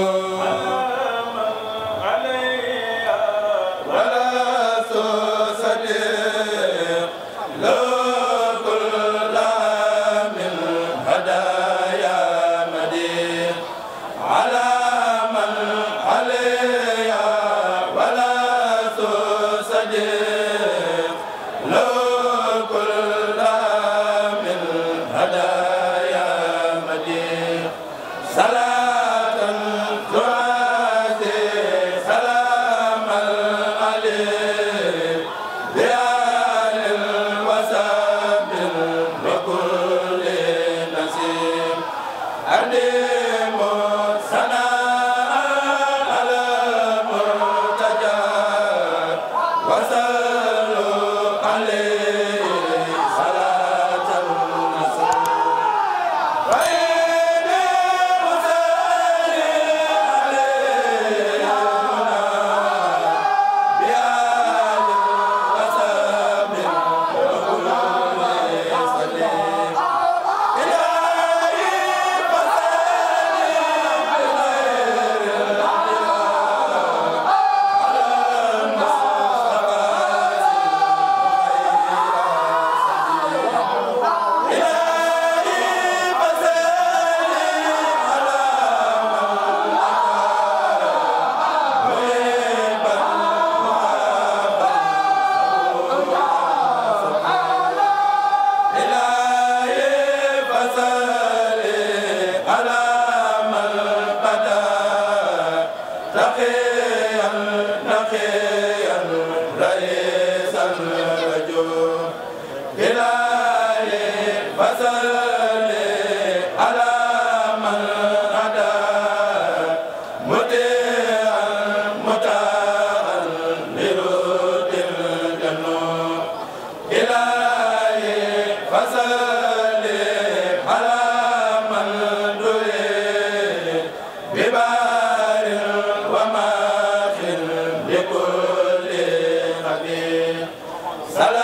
Oh salaam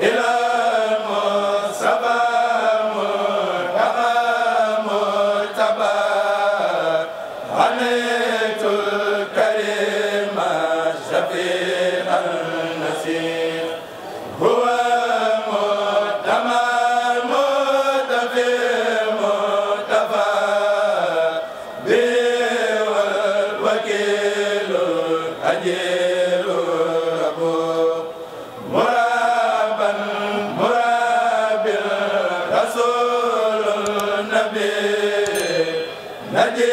ila be naje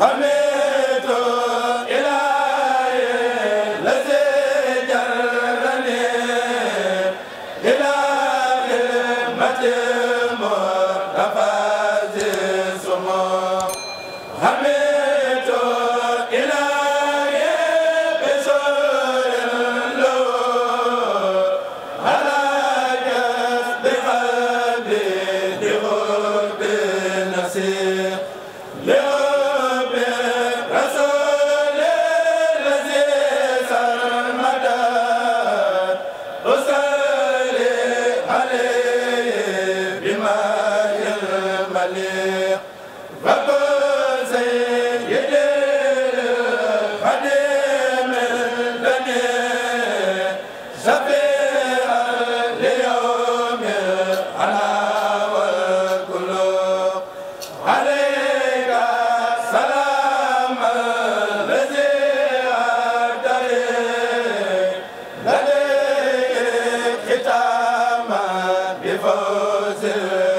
Amen li